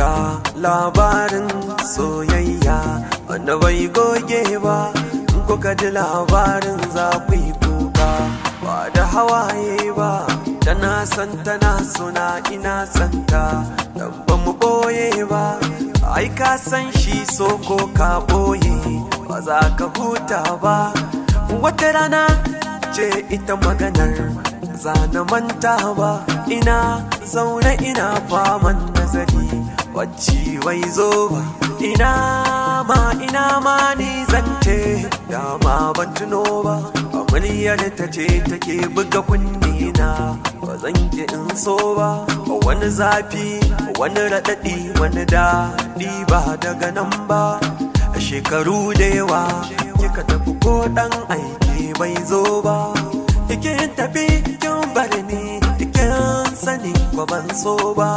ga labarin soyayya wanda bai goge ba in kuka ji labarin zafi kuka ba da hawaye ba tana san tana suna ina santa dan ba mu boye ba ai ka san shi so ko ka boye ba za ka huta ba wata rana ce ita maganar zana manta ba ina zaune ina faman nazari bacci bai zo ba ina ma ina ma ni zance dama ban tuno ba amaryar ta ce take buga kunne na ba zan ki in so ba wani zafi wani raɗaɗi wani daɗi ba daga nan ba a shekaru da yawa kika tafi ko ɗan aiki bai zo ba kikin tafi kin bar ni kikin sani ba ban so ba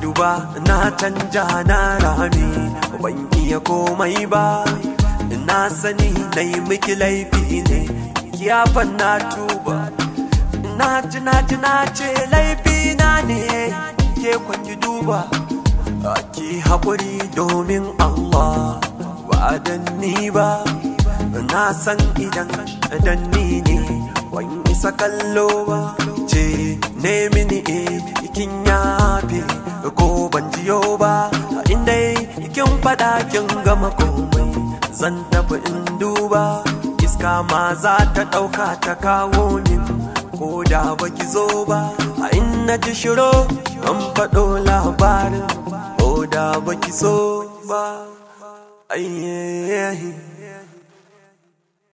duba na canja na rami ban iya komai ba na sani na yi miki laifi ne kiyafan na tuba na ji na ji na ce laifi na ne ke kwanki duba ki haƙuri domin Allah ba dan ni ba na san idan dan ni ne ban isa kallo ba ce ne mini e kin ya safe ko ban jiyo ba in dai kin faɗa kin gama komai zan tafi in duba iska ma za ta ɗauka ta kawo min ko da baki zo ba a in na ji shiro an faɗo labarin ko da baki so ba ayyayi